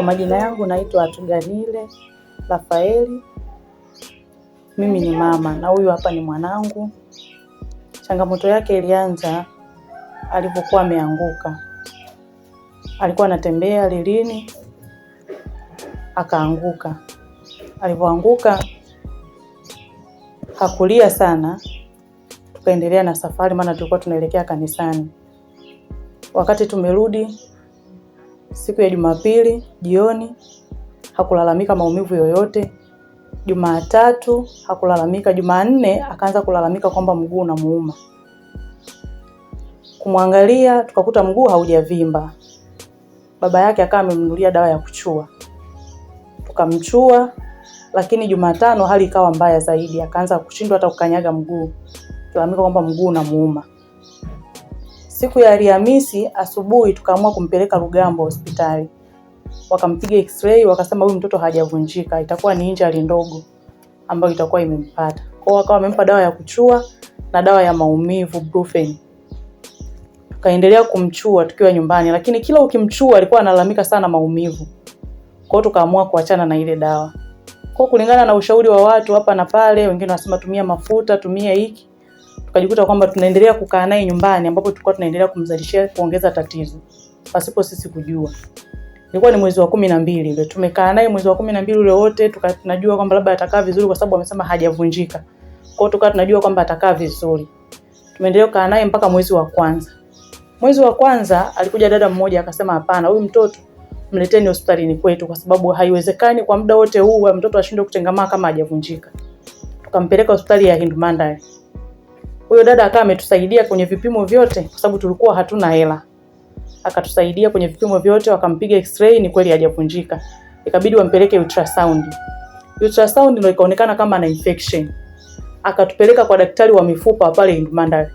Kwa majina yangu naitwa Atuganile Rafaeli, mimi ni mama na huyu hapa ni mwanangu. Changamoto yake ilianza alipokuwa ameanguka, alikuwa anatembea lilini, akaanguka. Alipoanguka hakulia sana, tukaendelea na safari, maana tulikuwa tunaelekea kanisani. Wakati tumerudi siku ya Jumapili jioni hakulalamika maumivu yoyote. Jumatatu hakulalamika. Jumanne akaanza kulalamika kwamba mguu unamuuma. Kumwangalia tukakuta mguu haujavimba. Baba yake akawa amemnunulia dawa ya kuchua, tukamchua. Lakini Jumatano hali ikawa mbaya zaidi, akaanza kushindwa hata kukanyaga mguu, kulalamika kwamba mguu unamuuma. Siku ya Alhamisi asubuhi tukaamua kumpeleka Rugambo hospitali, wakampiga x-ray, wakasema huyu mtoto hajavunjika, itakuwa ni injury ndogo ambayo itakuwa imempata. Kwao wakawa wamempa dawa ya kuchua na dawa ya maumivu brufen. Tukaendelea kumchua tukiwa nyumbani, lakini kila ukimchua alikuwa analalamika sana maumivu. Kwao tukaamua kuachana na ile dawa. Kwa kulingana na ushauri wa watu hapa na pale, wengine wanasema tumia mafuta, tumia hiki tukajikuta kwamba tunaendelea kukaa naye nyumbani ambapo tulikuwa tunaendelea kumzalishia kuongeza tatizo pasipo sisi kujua. Ilikuwa ni mwezi wa kumi na mbili ule, tumekaa naye mwezi wa kumi na mbili ule wote, tunajua kwamba labda atakaa vizuri, kwa sababu amesema hajavunjika. Kwa hiyo tukawa tunajua kwamba atakaa vizuri. Tumeendelea kukaa naye mpaka mwezi wa kwanza. Mwezi wa kwanza alikuja dada mmoja akasema, hapana, huyu mtoto mleteni hospitalini kwetu, kwa sababu haiwezekani kwa muda wote huu mtoto ashindwe kutengamaa kama hajavunjika. Tukampeleka hospitali ya Hindu Mandali. Huyo dada akawa ametusaidia kwenye vipimo vyote, kwa sababu tulikuwa hatuna hela, akatusaidia kwenye vipimo vyote, wakampiga x-ray, ni kweli hajavunjika, ikabidi wampeleke ultrasound. Ultrasound ndio ikaonekana kama ana infection, akatupeleka kwa daktari wa mifupa pale Mandari.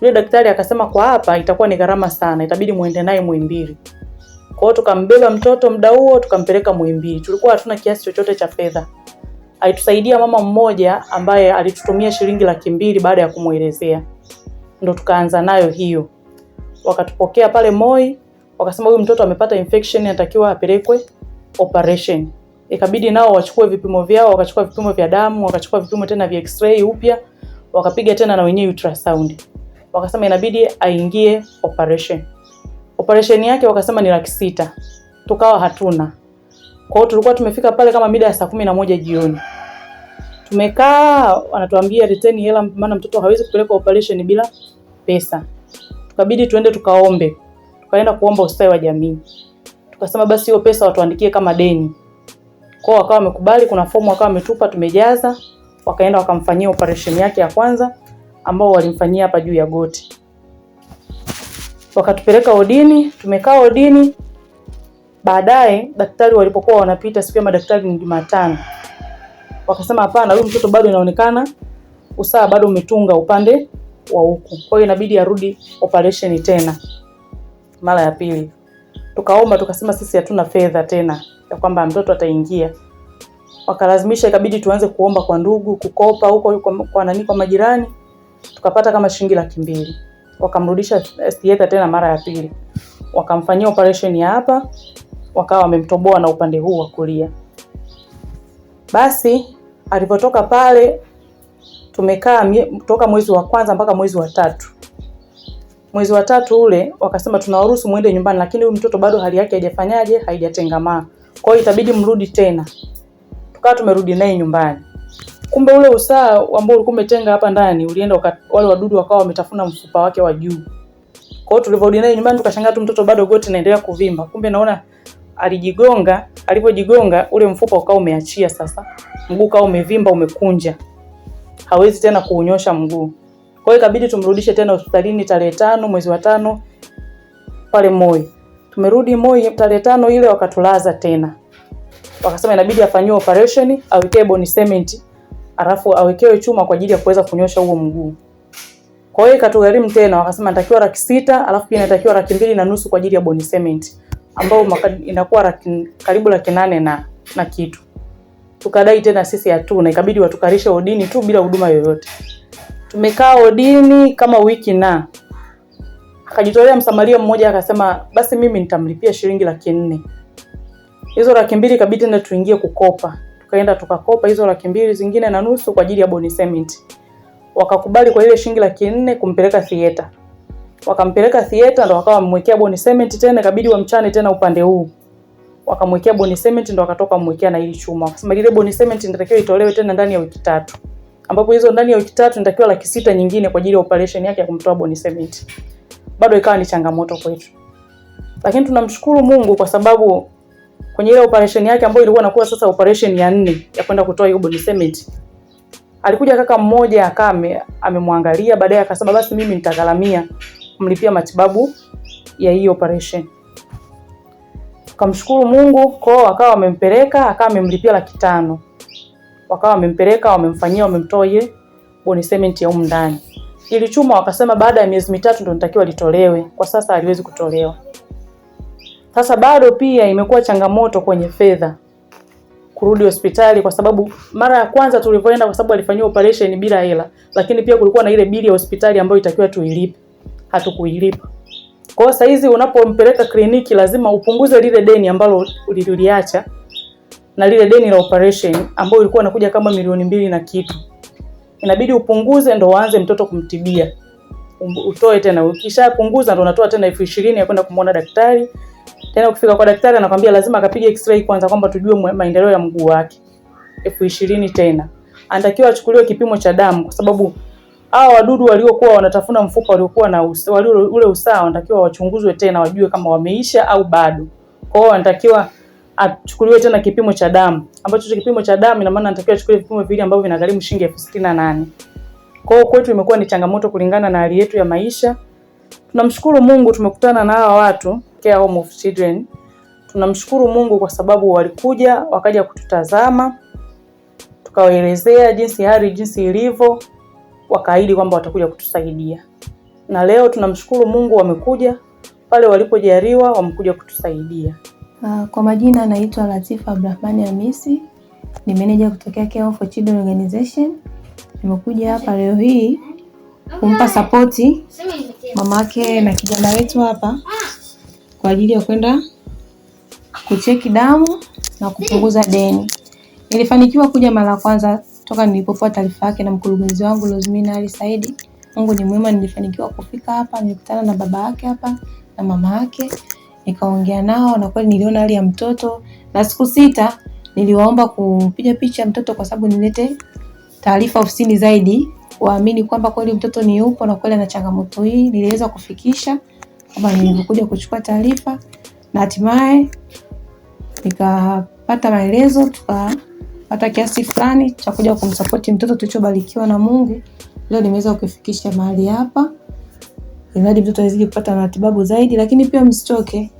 Yule daktari akasema kwa hapa itakuwa ni gharama sana, itabidi muende naye Muhimbili. Kwa hiyo tukambeba mtoto muda huo tukampeleka Muhimbili. Tulikuwa hatuna kiasi chochote cha fedha alitusaidia mama mmoja ambaye alitutumia shilingi laki mbili baada ya kumwelezea, ndo tukaanza nayo hiyo. Wakatupokea pale Moi, wakasema huyu mtoto amepata infection, anatakiwa apelekwe operation. Ikabidi nao wachukue vipimo vyao, wakachukua vipimo vya damu, wakachukua vipimo tena vya x-ray upya, wakapiga tena na wenyewe ultrasound, wakasema inabidi aingie operation. Operation yake wakasema ni laki sita, tukawa hatuna kwa hiyo tulikuwa tumefika pale kama mida ya saa kumi na moja jioni. Tumekaa wanatuambia return hela, maana mtoto hawezi kupelekwa operation bila pesa. Tukabidi tuende tukaombe, tukaenda kuomba ustawi wa jamii, tukasema basi hiyo pesa watuandikie kama deni. Kwa hiyo wakawa wamekubali, kuna fomu wakawa wametupa, tumejaza, wakaenda wakamfanyia operation yake ya kwanza, ambao walimfanyia hapa juu ya goti, wakatupeleka odini, tumekaa odini Baadaye daktari walipokuwa wanapita siku ya madaktari ni Jumatano, wakasema hapana, huyu mtoto bado inaonekana usaa bado umetunga upande wa huku, kwa hiyo inabidi arudi operation tena mara ya pili. Tukaomba tukasema sisi hatuna fedha tena ya kwamba mtoto ataingia, wakalazimisha ikabidi tuanze kuomba kwa ndugu, kukopa huko kwa kwa nani, kwa majirani, tukapata kama shilingi laki mbili. Wakamrudisha Sieta tena mara ya pili, wakamfanyia operation ya hapa wakawa wamemtoboa na upande huu wa kulia. Basi alipotoka pale tumekaa toka mwezi wa kwanza mpaka mwezi wa tatu. Mwezi wa tatu ule wakasema tunawaruhusu muende nyumbani, lakini huyu mtoto bado hali yake haijafanyaje, haijatengamaa. Kwa hiyo itabidi mrudi tena. Tukawa tumerudi naye nyumbani. Kumbe ule usaa ambao ulikuwa umetenga hapa ndani ulienda waka, wale wadudu wakawa wametafuna mfupa wake wa juu. Kwa hiyo tulivyorudi naye nyumbani tukashangaa tu mtoto bado goti naendelea kuvimba. Kumbe naona alijigonga, alipojigonga ule mfupa ukawa umeachia sasa, mguu kawa umevimba, umekunja, hawezi tena kuunyosha mguu. Kwa hiyo ikabidi tumrudishe tena hospitalini tarehe tano mwezi wa tano pale Moi. Tumerudi Moi tarehe tano ile wakatulaza tena, wakasema inabidi afanyiwe operation, awekee bone cement, alafu awekewe chuma kwa ajili ya kuweza kunyosha huo mguu. Kwa hiyo ikatugharimu tena, wakasema natakiwa laki sita, alafu pia natakiwa laki mbili na nusu kwa ajili ya bone cement ambao inakuwa laki, karibu laki nane na, na kitu. Tukadai tena sisi hatuna, ikabidi watukarishe odini tu bila huduma yoyote. Tumekaa odini kama wiki na akajitolea msamaria mmoja akasema, basi mimi nitamlipia shilingi laki nne. Hizo laki mbili ikabidi tena tuingie kukopa, tukaenda tukakopa hizo laki mbili zingine na nusu kwa ajili ya Boni wakakubali kwa ile shilingi laki nne kumpeleka theater wakampeleka theater, ndo wakawa wamwekea boni cement tena, ikabidi wamchane tena upande huu, wakamwekea boni cement, ndo wakatoka wamwekea na hili chuma, wakasema ile boni cement inatakiwa itolewe tena ndani ya wiki tatu, ambapo hizo ndani ya wiki tatu inatakiwa laki sita nyingine kwa ajili ya operation yake ya kumtoa boni cement. Bado ikawa ni changamoto kwetu, lakini tunamshukuru Mungu kwa sababu kwenye ile operation yake ambayo ilikuwa inakuwa sasa operation ya nne ya kwenda kutoa hiyo boni cement alikuja kaka mmoja akaa amemwangalia, baadaye akasema basi mimi nitagharamia kumlipia matibabu ya hii operation. Tukamshukuru Mungu kwao, wakawa wamempeleka akawa amemlipia laki tano, wakawa wamempeleka wamemfanyia, wamemtoa ile bone cement ya humu ndani. Ilichuma wakasema baada ya miezi mitatu ndio nitakiwa litolewe, kwa sasa haliwezi kutolewa. Sasa bado pia imekuwa changamoto kwenye fedha kurudi hospitali kwa sababu mara ya kwanza tulivyoenda, kwa sababu alifanyiwa operation bila hela, lakini pia kulikuwa na ile bili ya hospitali ambayo itakiwa tuilipe hatukuilipa. Kwa hiyo saizi unapompeleka kliniki lazima upunguze lile deni ambalo uliliacha na lile deni la operation ambayo ilikuwa inakuja kama milioni mbili na kitu. Inabidi upunguze ndo waanze mtoto kumtibia. Utoe tena, ukishapunguza ndo unatoa tena elfu ishirini ya kwenda kumwona daktari. Tena ukifika kwa daktari anakwambia lazima akapige x-ray kwanza kwamba tujue maendeleo ya mguu wake. elfu ishirini tena. Anatakiwa achukuliwe kipimo cha damu kwa sababu hao wadudu waliokuwa wanatafuna mfupa waliokuwa na usa, wali ule usaha wanatakiwa wachunguzwe tena, wajue kama wameisha au bado. Kwa hiyo wanatakiwa achukuliwe tena kipimo cha damu, ambacho hicho kipimo cha damu ina maana anatakiwa achukue vipimo viwili ambavyo vinagharimu shilingi elfu sitini na nane. Kwa hiyo kwetu imekuwa ni changamoto kulingana na hali yetu ya maisha. Tunamshukuru Mungu tumekutana na hawa watu Care Home of Children. Tunamshukuru Mungu kwa sababu walikuja wakaja kututazama, tukawaelezea jinsi hali jinsi ilivyo wakaahidi kwamba watakuja kutusaidia, na leo tunamshukuru Mungu, wamekuja pale walipojariwa, wamekuja kutusaidia. Ah, kwa majina anaitwa Latifa abdrahmani Hamisi, ni meneja kutokea Care for Children Organization. Nimekuja hapa leo hii kumpa sapoti mamake na kijana wetu hapa kwa ajili ya kwenda kucheki damu na kupunguza deni. Nilifanikiwa kuja mara ya kwanza Toka nilipofuata taarifa yake na mkurugenzi wangu Rosmina Ali Saidi, Mungu ni mwema, nilifanikiwa kufika hapa. Nilikutana na baba yake hapa na mama yake, nikaongea nao na kweli niliona hali ya mtoto, na siku sita niliwaomba kupiga picha mtoto kwa sababu nilete taarifa ofisini zaidi, waamini kwamba kweli mtoto ni yupo na kweli ana changamoto hii. Niliweza kufikisha kwamba nilikuja kuchukua taarifa na hatimaye nikapata maelezo tuka kupata kiasi fulani cha kuja kumsapoti mtoto tulichobarikiwa na Mungu. Leo nimeweza kukifikisha mahali hapa, ili mtoto aweze kupata matibabu zaidi. Lakini pia msichoke,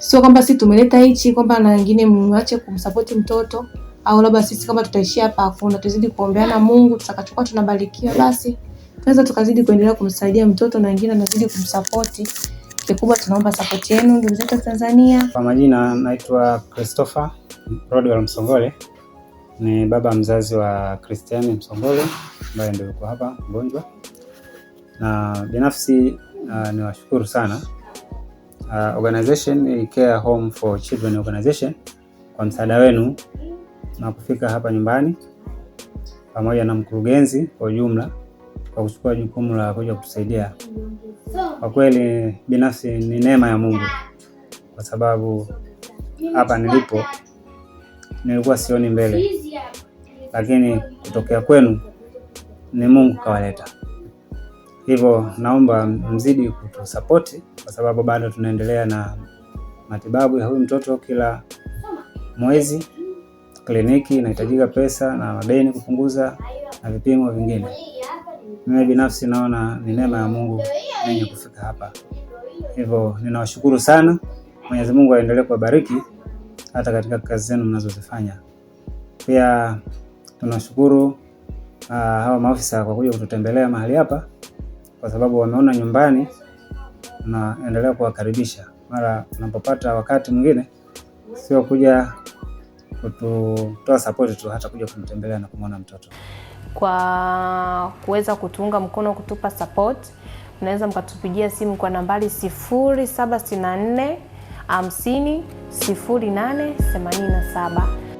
sio kwamba sisi tumeleta hichi kwamba na wengine mwache kumsapoti mtoto au labda sisi kama tutaishia hapa, hakuna. Tuzidi kuombeana Mungu, tutakachokuwa tunabarikiwa basi tunaweza tukazidi kuendelea kumsaidia mtoto na wengine anazidi kumsapoti kikubwa tunaomba sapoti yenu ndugu zetu Tanzania. Kwa majina naitwa Christopher Rodwell Msongole, ni baba mzazi wa Christian Msongole ambaye ndio yuko hapa mgonjwa, na binafsi uh, niwashukuru sana uh, organization Care Home for Children organization kwa msaada wenu na kufika hapa nyumbani pamoja na mkurugenzi kwa ujumla kwa kuchukua jukumu la kuja kutusaidia kwa kweli binafsi ni neema ya Mungu, kwa sababu hapa nilipo nilikuwa sioni mbele, lakini kutokea kwenu ni Mungu kawaleta. Hivyo naomba mzidi kutusapoti, kwa sababu bado tunaendelea na matibabu ya huyu mtoto kila mwezi kliniki inahitajika pesa na madeni kupunguza na vipimo vingine. Mimi binafsi naona ni neema ya Mungu nenye kufika hapa. Hivyo ninawashukuru sana. Mwenyezi Mungu aendelee kuwabariki hata katika kazi zenu mnazozifanya. Pia tunashukuru uh, hawa maofisa kwa kuja kututembelea mahali hapa, kwa sababu wameona nyumbani, na endelea kuwakaribisha mara unapopata wakati mwingine, sio kuja kutoa sapoti tu, hata kuja kumtembelea na kumwona mtoto, kwa kuweza kutuunga mkono, kutupa sapoti mnaweza mkatupigia simu kwa nambari 0764 50 0887.